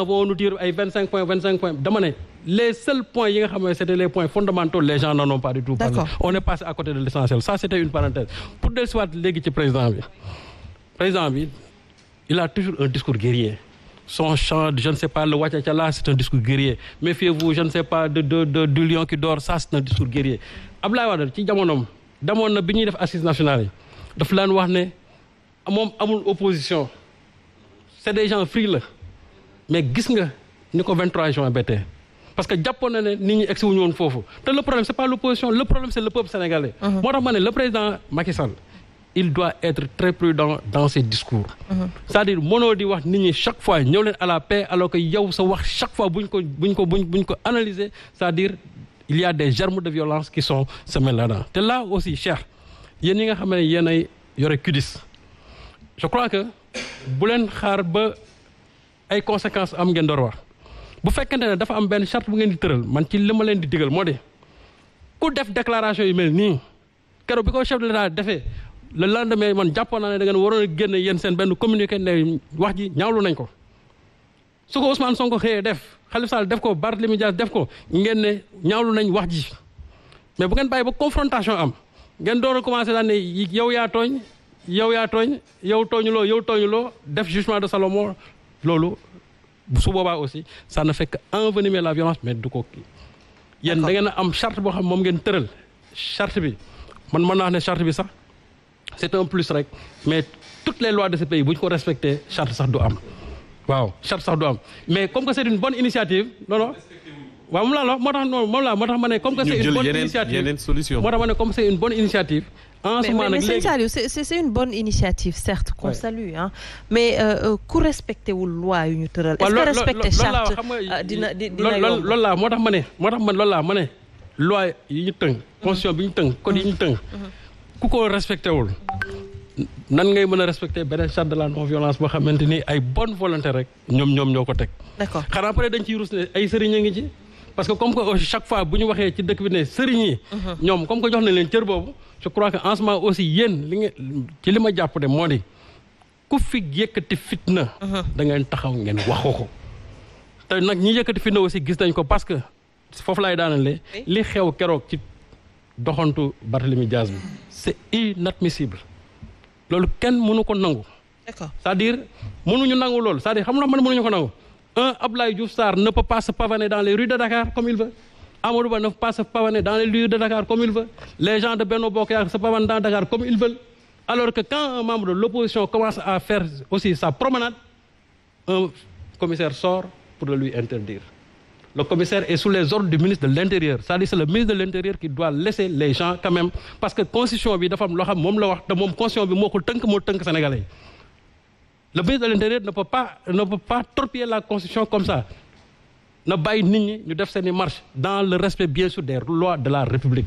envoyé nu tir ay vingt cinq points vingt cinq points dama ne les seuls points yi nga xam ne c'était les points fondamentaux les gens n'en ont pas du tout parlé on est passé à côté de l'essentiel ça c'était une parenthèse pour del soit léegi ci président bi président bi il a toujours un discours guerrier son chant je ne sais pas le wàccacala c'est un discours guerrier méfiez-vous je ne sais pas de de de du lion qui dort discours guerrier Abdoulaye Wade na bi ñuy def assises nationales yi daf wax ne moom amul opposition c'est des gens frileux mais gis nga ni ko 23 juin bettee parce que jàppoon na ne nit ñi egsi wuñu woon foofu te le problème c'est pas l'opposition le problème c'est le peuple sénégalais. moo tax ma ne le président Macky il doit être très prudent dans ses discours. c'est-à-dire mënoo di wax nit ñi chaque fois ñëw leen à la paix alors que yow sa wax chaque fois buñ ko buñ ko buñ buñ ko analyser c'est-à-dire il y a des germes de violence qui sont semés là-dedans te là aussi cher yéen ñi nga xam ne yéen ay yore CUDIS je crois que bu ba. ay conséquence am ngeen door wax bu fekkente ne dafa am benn charte bu ngeen di tëral man ci li ma leen di digal moo di ku def déclaration yu mel nii keroog bi ko chef de l'État defee le lendemain man jàppoon naa ne da ngeen waroon a génne yéen seen benn communiqué ne wax ji ñaawlu nañ ko su ko Ousmane Sonko xëyee def Khalifa Sall def ko Barthélémy Dias def ko ngeen ne ñaawlu nañ wax ji mais bu ngeen bàyyi ba confrontation am ngeen door a commencé daan ne yow yaa yow yaa tooñ yow tooñuloo yow tooñuloo def jugement de Salomon loolu su boobaa aussi ça ne fait que la violence mais du ko kii. yéen da ngeen a am charte boo xam moom ngeen tëral charte bi man mën naa wax ne charte bi sax c'est un plus rek mais toutes les lois de ce pays bu ñu ko respecté charte sax du am waaw charte sax du am mais comme que c'est une initiative non waaw moom laa la wax moo tax noonu moom laa moo tax ma ne comme que c'est une bonne initiative yeneen solution moo tax ma ne mais c'est une bonne initiative certes qu'on salue mais euh, euh, ku respecté wul loi yu ñu tëral est-ce que respecté charte ah, dina dina yomb loolu laa moo tax ma ne moo tax laa ma ne loi yi ñu tënk constitution bi ñu tënk code yi ñu tënk mm-hmm. ku ko respecté wul nan ngay mën a respecter beneen charte de la non violence boo xamante ni ay bonn volonté rek ñoom ñoom ñoo ko teg d'accord xanaa peut dañ ciy rus ne ay sëriñ ngi ci parce que comme que chaque fois bu ñu waxee ci dëkk bi ne sëriñ uh-huh. ñoom comme que jox na leen cër boobu. je crois que en ce moment aussi yéen li nga ci li ma jàpp de moo di ku fi yëkkati fitna. Uh-huh. da ngeen taxaw ngeen waxu ko. te nag ñi yëkkati fitna aussi gis nañ ko parce que foofu laay daanalee. li xew keroog ci doxantu Barthélemy Diaz bi. c'est inadmissible. loolu kenn mënu ko nangu. d'accord cest diir dire mënuñu nangu loolu c'est-à-dire xam nga man mënuñu ko nangu. Un Ablaye Diouf Sarr ne peut pas se pavaner dans les rues de Dakar comme il veut. Amadou Ba ne peut pas se pavaner dans les rues de Dakar comme il veut. Les gens de Benno Bokk Yaakaar se pavanent dans Dakar comme ils veulent. Alors que quand un membre de l'opposition commence à faire aussi sa promenade, un commissaire sort pour le lui interdire. Le commissaire est sous les ordres du ministre de l'Intérieur. C'est-à-dire ministre de l'Intérieur qui doit laisser les gens quand loo xam moom la wax te moom constitution bi moo le ministre de l'intérieur ne peut pas ne torpiller la constitution comme ça na bàyyi nit ñi ñu def seeni marche dans le respect bien sûr des lois de la république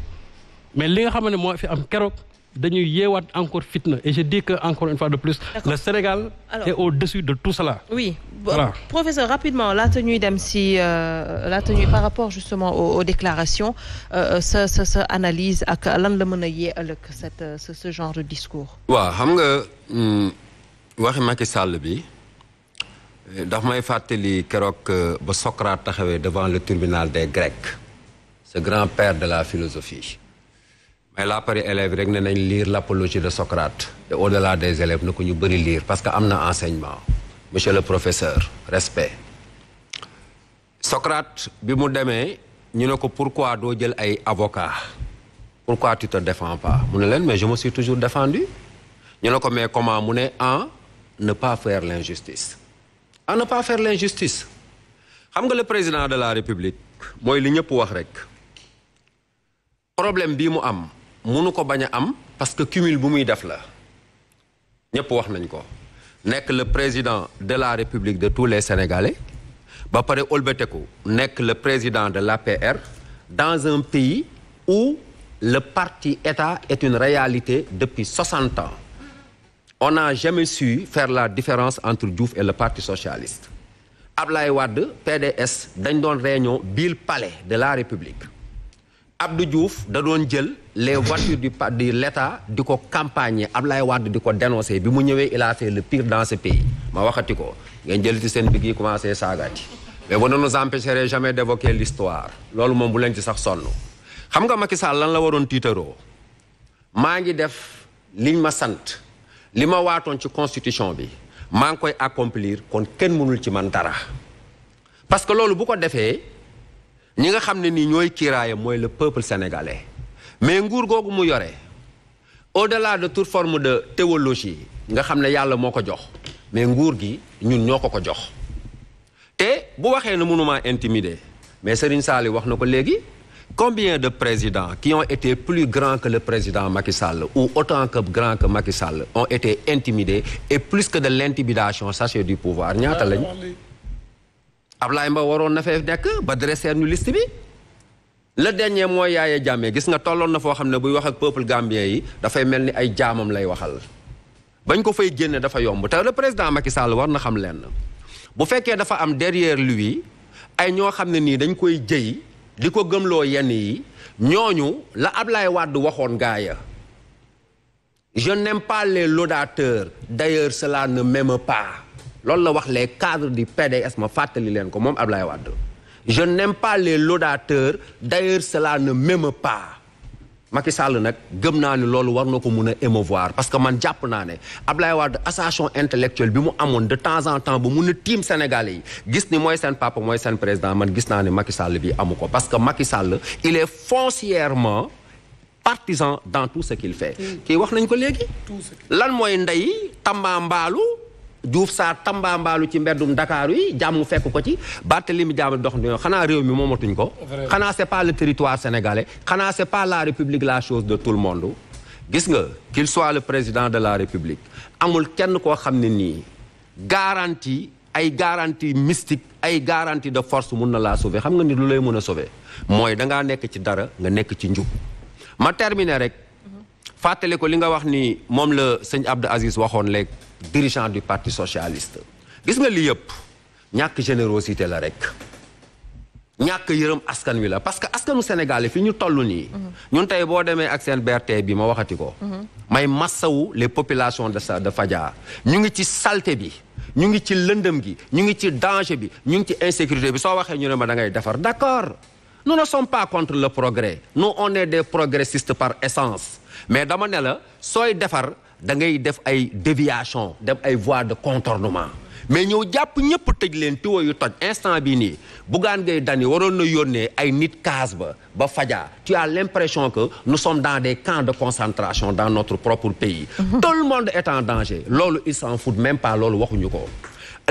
mais li nga xam ne moo fi am keroog dañuy yeewaat encore fitna et je dis que encore une fois de plus. le Sénégal Alors, est au-dessus de tout cela. oui voilà. professeur rapidement laata ñuy dem si euh, laata ñuy par rapport justement aux, aux déclarations euh, euh, sa sa analyse ak lan la mën a yee ëllëg cette ce genre de discours. xam nga. Hmm, waxi Macky Sall bi eh, daf may fàttali keroog eh, ba Socrate taxawee devant le tribunal des Grecs ce grand père de la philosophie mais la pari élève rek ne nañ lire l'apologie de Socrate et au des élèves na ko ñu bëri lire parce que am na enseignement monsieur le professeur respect Socrate bi mu demee ñu ne ko pourquoi doo jël ay avocat pourquoi tu te défends pas mu ne leen mais je me suis toujours défendu ñu ne ko mais comment mu ne en ne pas faire l'injustice à ne pas faire l'injustice xam nga le président de la république mooy li ñëpp wax rek problème bi mu am munu ko bañ a am parce que cumul bu muy def la ñëpp wax nañ ko nekk le président de la république de tous les sénégalais ba pare olbeteku nekk le président de l'APR dans un pays où le parti état est une réalité depuis 60 ans on n'a jamais su faire la différence entre Diouf et le parti socialiste Ablaye Wade PDS dañ doon réunion biir palais de la République Abdou Diouf da doon jël le voitures du de l'État di ko campagne Ablaye wadd di ko dénoncer bi mu ñëwee il le pire dans ce pays ma waxati ko ngeen jël ci seen bigg yi commencé saagaati mais vous ne nous empêcherez jamais d'évoquer l'histoire loolu moom bu leen ci sax sonn xam nga Macky Sall la waroon tiitaroo maa ngi def liñ ma li ma waatoon ci constitution bi maa ngi koy accomplir kon kenn mënul ci man dara parce que loolu bu ko defee ñi nga xam ne nii ñooy kiiraayam mooy le peuple sénégalais mais nguur googu mu yore au-delà de toute forme de théologie nga xam ne yàlla moo ko jox mais nguur gi ñun ñoo ko ko jox te bu waxee ne mënumaa intimider mais Serigne saali wax na ko léegi Combien de président qui ont été plus grands que le président Macky Sall ou autant que grands que Macky Sall ont été intimidés et plus que de l'intimidation sachez du pouvoir ñaata lañ euh, Ablaye Mba waroon na fee nekk ba dresser nu liste bi le dernier mooy Yaya jàmmee gis nga tolloon na foo xam ne buy wax ak peuple gambien yi dafay mel ni ay jaamam lay waxal bañ ko fay génne dafa yomb te le président Macky Sall war na xam lenn bu fekkee dafa am derrière lui ay ñoo xam ne nii dañ koy jëy di ko gëmloo yenn yi ñooñu la ab lay wàdd waxoon gaaya je n'aime pas les laudateurs d'ailleurs cela ne m'aime loolu la wax les cadres du PDS ma fàttali leen ko moom Ablaye Wade je n'aime pas les laudateurs d'ailleurs cela ne Macky Sall nag gëm naa ni loolu war na ko mun a émouvoir parce que man jàpp naa ne Ablaye Wade association intellectuelle bi mu amoon de temps en temps ba mun a tiim Sénégalais yi gis ni mooy seen papa mooy seen président man gis naa ne Macky bi amu ko parce que Macky Sall il est foncièrement partisan dans tout ce qu'il fait kii wax nañ ko léegi lan mooy ndey tambaambaalu Diouf saa tambaambaalu ci mbeddum Dakar yi jàmm fekk ko ci li mu Dias dox na xanaa réew mi moomatuñ ko. xanaa c'est pas le territoire sénégalais. xanaa c'est pas la république la chose de tout le monde. gis nga qu'il soit le président de la république amul kenn koo xam ne nii garanti ay garanti mystique ay garanti de force mun na laa sauver xam nga ni lu lay mën a sauver mooy da ngaa nekk ci dara nga nekk ci njub ma terminer rek. Mhm. fàttali ko li nga wax ni moom la sëñ Abdou Aziz waxoon dirigeant du parti socialiste gis nga li yëpp ñàkk générosité la rek ñàkk yërëm askan wi la parce que askanu Sénégal fi ñu toll nii. Mhm. ñun tey boo demee ak seen BRT bi ma waxati ko. Mhm. may massawu les populations de sa de Fadja ñu ngi ci salte bi ñu ngi ci lëndëm gi ñu ngi ci danger bi ñu ngi ci insécurité bi soo waxee ñu ne ma da ngay defar d'accord nous ne sommes pas contre le progrès nous on est des progressistes par essence mais dama ne la sooy defar. da ngay def ay déviation def ay voie de contournement mais ñëw jàpp ñëpp tëj leen tuwo yu toj instant bii nii Bougane Gueye Dany waroon na yónnee ay nit kaas ba ba faja tu as l'impression que nous sommes dans des camps de concentration dans notre propre pays mhm. tout le monde est en danger loolu il s'en fout même pas loolu waxuñu ko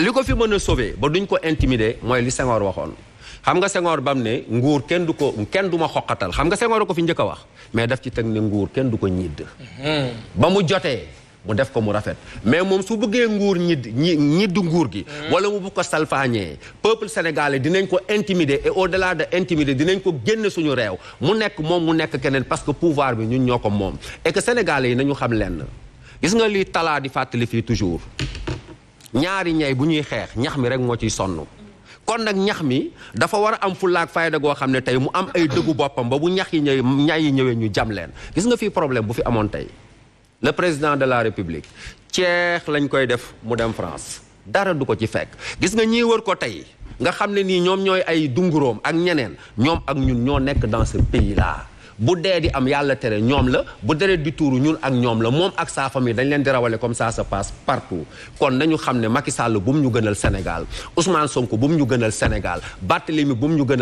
li ko fi mën a sauver ba duñ ko intimider mooy li Senghor waxoon xam nga Senghor bam ne nguur kenn du ko kenn du ma xoqatal xam nga Senghor ko fi njëkk a wax mais daf ci teg ne nguur kenn du ko ñidd hmm. ba mu jotee mu def ko mu rafet mais moom su bëggee nguur ñidd ñi ñidd nguur gi hmm. wala mu bëgg ko salfaañee peuple sénégalais dinañ ko intimider et au delà de intimider dinañ ko génn suñu réew mu nekk moom mu nekk keneen parce que pouvoir bi ñun ñoo ko moom et que sénégalais yi nañu xam lenn gis nga lii talaa di fàttali fii toujours ñaari ñay bu ñuy xeex ñax mi rek moo ciy sonn kon nag ñax mi dafa war a am fulla ak fayda goo xam ne tey mu am ay dëggu boppam ba bu ñax yi ñëwee ñax yi ñëwee ñu jam leen gis nga fii problème bu fi amoon tey le président de la république ceex lañ koy def mu dem France dara du ko ci fekk gis nga ñiy wër ko tey nga xam ne nii ñoom ñooy ay dunguróom ak ñeneen ñoom ak ñun ñoo nekk dans ce pays là. bu dee di am yàlla tere ñoom la bu deret di tuuru ñun ak ñoom la moom ak sa famille dañ leen di rawale comme ça se passe partout kon nañu xam ne Macky Sall bu mu ñu gënal Sénégal Ousmane Sonko bu mu ñu gënal Sénégal Barthélémy bu mu ñu gënal